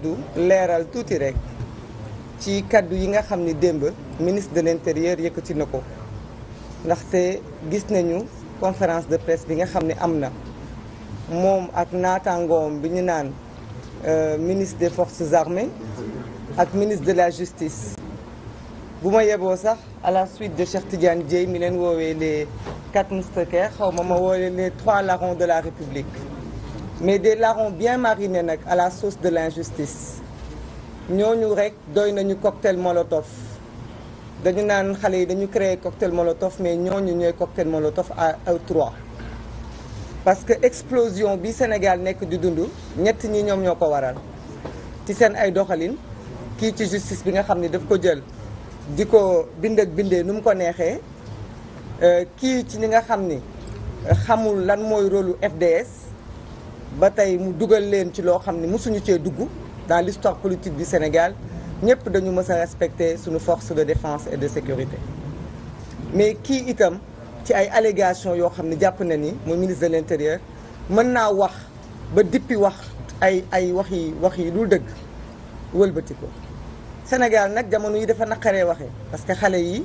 addu leeral tuuti rek ci kàddu yi nga xam ni démb ministre de l'intérieur yëkkati na ko ndaxte gis nañu conférence de presse bi nga xam ni am na moom ak naataangoom bi ñu naan euh, ministre des forces armées ak ministre de la justice bu ma yeboo sax à la suite de Cheikh Tidiane Dieye mi leen woowee les quatre mousquetaires xaw ma ma woowee les trois larrons de la République mais des larrons bien marinés nag à la sauce de l'injustice ñooñu rek doy nañu cocktail molotov dañu naan xale yi dañu créer cocktail molotov mais ñooñu ñooy cocktail molotov à à trois parce que explosion bi Sénégal nekk di dund ñett ñi ñoom ñoo ko waral ci seen ay doxalin kii ci justice bi nga xam ne daf ko jël di ko bind ak bindee nu mu ko neexee euh, kii ci ñi nga xam ni xamul lan mooy rôlu FDS ba tey mu dugal leen ci loo xam ne mosuñu cee dugg dans l'histoire politique du Sénégal ñëpp dañu mës a respecter suñu force de défense et de sécurité mais kii itam ci ay allégations yoo xam ne jàpp na ni muy ministre de l'intérieur mën naa wax ba dippi wax ay ay wax yi wax yi dul dëgg wëlbati ko Sénégal nag jamono yi dafa naqaree waxee parce que xale yi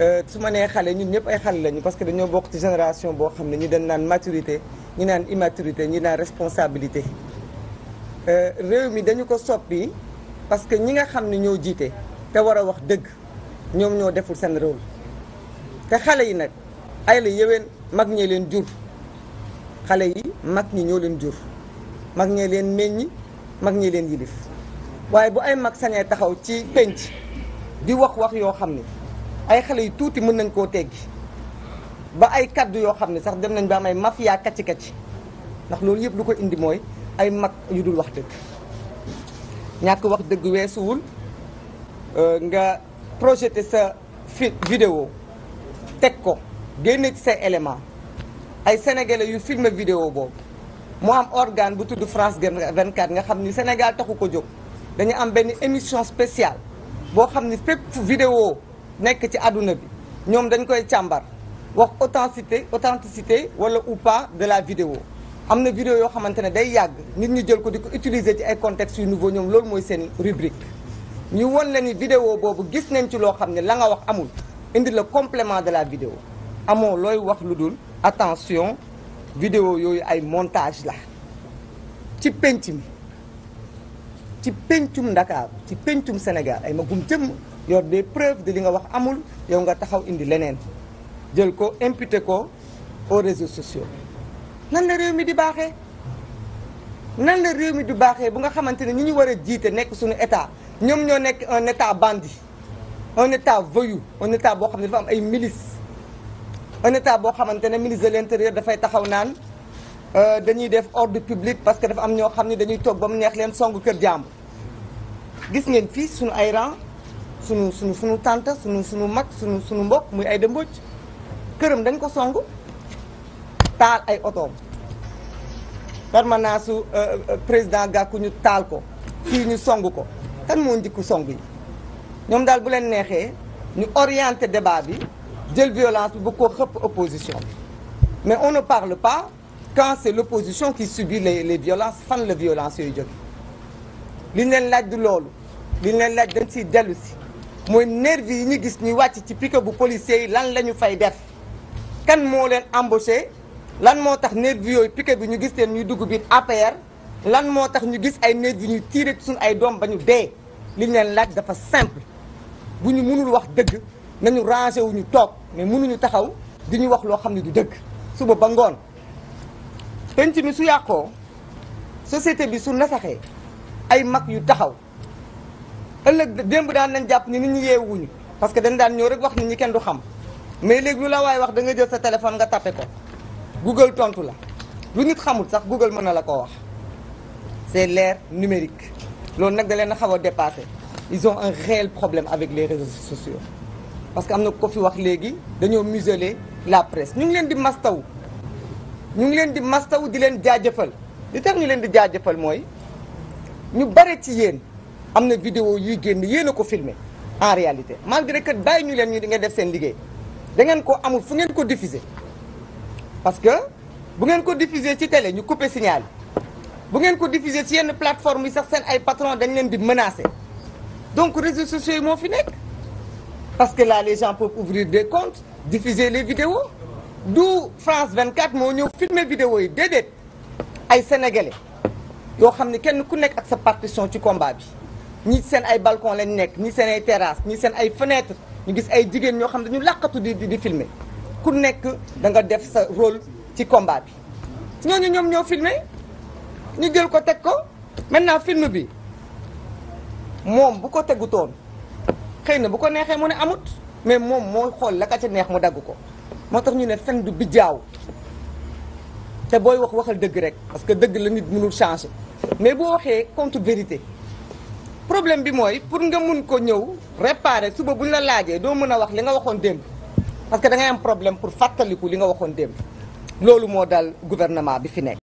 euh, su ma nee xale ñun ñëpp ay xale lañu parce que dañoo bokk ci génération boo xam ne ñu dañ naan maturité ñi naan immaturité ñi naan responsabilité euh, réew mi dañu ko soppi parce que ñi nga xam ni ñoo jiite te war a wax dëgg ñoom ñoo deful seen rôle te xale yi nag ay la yeween mag ñee leen jur xale yi mag ñi ñoo leen jur mag ñee leen meññ mag ñee leen yilif waaye bu ay mag sañee taxaw ci penc di wax wax yoo xam ne ay xale yu tuuti mën nañ koo teggi ba ay kaddu yoo xam ne sax dem nañ ba am ay mafia kacci kacci ndax loolu yëpp lu ko indi mooy ay mag yu dul wax dëgg ñàkk wax dëgg weesuwul euh, nga projeté sa fi vidéo teg ko génne ci say élément ay sénégalais yu filmé vidéo boobu moo am organe bu tudd France 24 nga xam ni Sénégal taxu ko jóg dañu am benn émission spéciale boo xam ni fépp vidéo nekk ci àdduna bi ñoom dañ koy càmbar wax authenticité authenticité wala ou pas de la vidéo am na vidéo yoo xamante ne day yàgg nit ñu jël ko di ko utiliser ci ay contextes yu nouveau ñoom loolu mooy seen rubrique ñu won la ni vidéo boobu gis nañ ci loo xam ne la nga wax amul indi la complement de la vidéo amoo looy wax lu dul attention vidéo yooyu ay montage la ci penc mi ci pencum Ndakaar ci pencum Sénégal ay magum jëmm yor des preuves de li nga wax amul yow nga taxaw indi leneen jël ko imputé ko aux réseaux sociaux nan la réew mi di baaxee nan la réew mi di baaxee bu nga xamante ne ñi ñu war a jiite nekk suñu état ñoom ñoo nekk un état bandi un état voyou un état boo xam ne dafa am ay milices un boo xamante ne ministre de l'intérieur dafay taxaw naan euh, dañuy def ordre public parce que dafa am ñoo xam ne dañuy toog ba mu neex leen song kër jàmbur gis ngeen fii suñu ay rang suñu suñu suñu tante suñu suñu mag suñu suñu mbokk muy ay dëmbooj këram dañ ko song taal ay otoom permanence su euh, euh, président Gakou ñu taal ko fii ñu song ko kan moo njëkku song yi ñoom daal bu leen neexee ñu orienté débat bi jël violence bi bu ko xëpp opposition bi mais on ne parle pa quand c'est l'opposition qui subit les les violences fan la violence yooyu jóge li leen laaj du loolu li leen laaj dañ siy dellu si mooy nervi yi ñu gis ñuy wàcc ci pique bu policier yi lan lañu fay def kan moo leen embauché lan moo tax nervi yooyu piquet bi ñu gis leen ñuy dugg biir APR lan moo tax ñu gis ay nervi ñuy tiire suñu ay doom ba ñu dee li leen laaj dafa simple bu ñu mënul wax dëgg nañu rangé wu ñu toog mais mënuñu taxaw di ñu wax loo xam ne du dëgg suba ba ngoon penc mi su yàqoo société bi su nasaxee ay mag yu taxaw ëllëg démb daan nañ jàpp ni nit ñi yeewuñu parce que dañ daan ñëw rek wax nit ñu kenn du xam mais léegi lu la waay wax da nga jël sa téléphone nga tapé ko Google tontu la lu nit xamul sax Google mën na la ko wax c'est l'ère numérique loolu nag da leen a xaw a dépassé ils ont un réel problème avec les réseaux sociaux parce que am na ko fi wax léegi dañoo museler la presse ñu ngi leen di mastaw ñu ngi leen di wu di leen jaajëfal li tax ñu leen di jaajëfal mooy ñu bare ci yéen am na vidéo yuy génn yéen a ko filmer en réalité malgré que bàyyi ñu leen ñu di nga def seen liggéey da ngeen ko amul fu ngeen ko diffuser parce que bu ngeen ko diffuser ci télé ñu couper signal bu ngeen ko diffuser ci yenn plateforme yi sax seen ay patron dañ leen di menacer donc réseaux sociaux yi moo fi nekk parce que là les gens peuvent ouvrir des comptes diffuser les vidéos d'où France quatre moo ñëw filmer vidéo yi déedéet ay sénégalais yoo xam ne kenn ku nekk ak sa partition ci combat bi ñi seen ay balcon lañ nekk ñi seen ay terrasse ñi seen ay fenêtre ñu gis ay jigéen ñoo xam ne dañu làqatu di di filmer ku nekk da nga def sa rôle ci combat bi ñooñu ñoom ñoo filmer ñu jël ko teg ko maintenant film bi moom bu ko tegutoon xëy na bu ko neexee mu ne amut mais moom moo xool la ka ca neex mu dagg ko moo tax ñu ne fen du bijjaaw te booy wax waxal dëgg rek parce que dëgg la nit mënul changer mais boo waxee contre vérité problème bi mooy pour nga mun ko ñëw réparer suba bu ñu la laajee doo mën a wax li nga waxoon démb parce que da am problème pour fàttaliku li nga waxoon démb loolu moo dal gouvernement bi fi nekk.